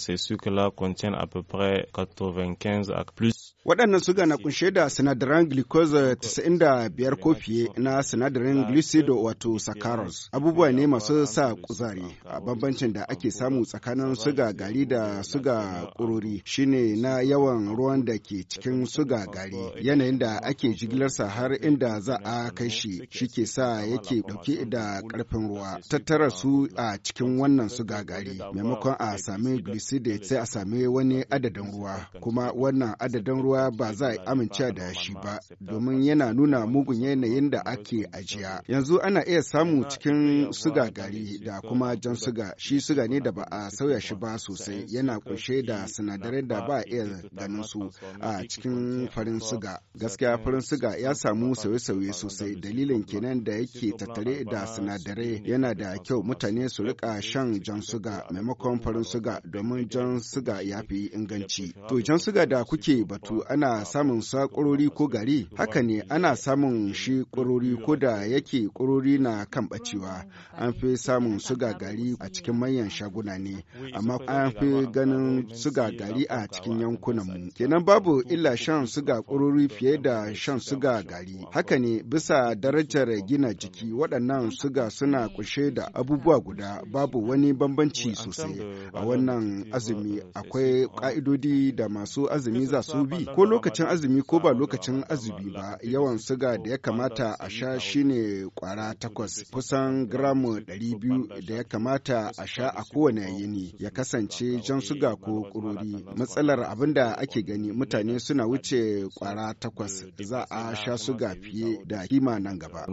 c'est ce que là contiennent à peu près 95 à plus Waɗannan suga na kunshe da sinadaran glucose 95 ko fiye na sinadarin glucido wato saccharos Abubuwa ne masu sa kuzari a bambancin da ake samu tsakanin suga gari da suga kururi shine na yawan ruwan da ke cikin suga gari yanayin da ake jigilarsa har inda za a kai shi shi ke sa yake ɗauke da ƙarfin ruwa. Tattara su a cikin wannan suga gari maimakon a sami glucidate sai a sami wani adadin ruwa kuma wannan adadin ruwa ruwa ba za a amince da shi ba domin yana nuna mugun yanayin da ake ajiya yanzu ana iya samu cikin suga gari da kuma jan suga shi suga ne da ba a sauya shi ba sosai yana kunshe da sinadarai da ba a iya ganin su a cikin farin suga gaskiya farin suga ya samu sauye-sauye sosai dalilin kenan da yake tattare da sinadarai yana da kyau mutane su rika shan jan suga maimakon farin suga domin jan suga ya fi inganci to jan suga da kuke batu ana samun sa ƙurori ko gari haka ne ana samun shi ƙurori ko da yake ƙurori na kan bacewa an fi samun suga gari a cikin manyan shaguna ne amma an fi ganin suga gari a cikin yankunan mu kenan babu illa shan suga ƙurori fiye da shan suga gari haka ne bisa darajar gina jiki waɗannan suga suna kushe da abubuwa guda babu wani bambanci sosai a wannan azumi akwai ƙa'idodi da masu azumi za su bi ko lokacin azumi ko ba lokacin azumi ba yawan suga da ya kamata a sha shine kwara takwas kusan gramu 200 da ya kamata a sha a kowane yini ya kasance jan suga ko kururi matsalar abin da ake gani mutane suna wuce kwara takwas za a sha suga fiye da kima nan gaba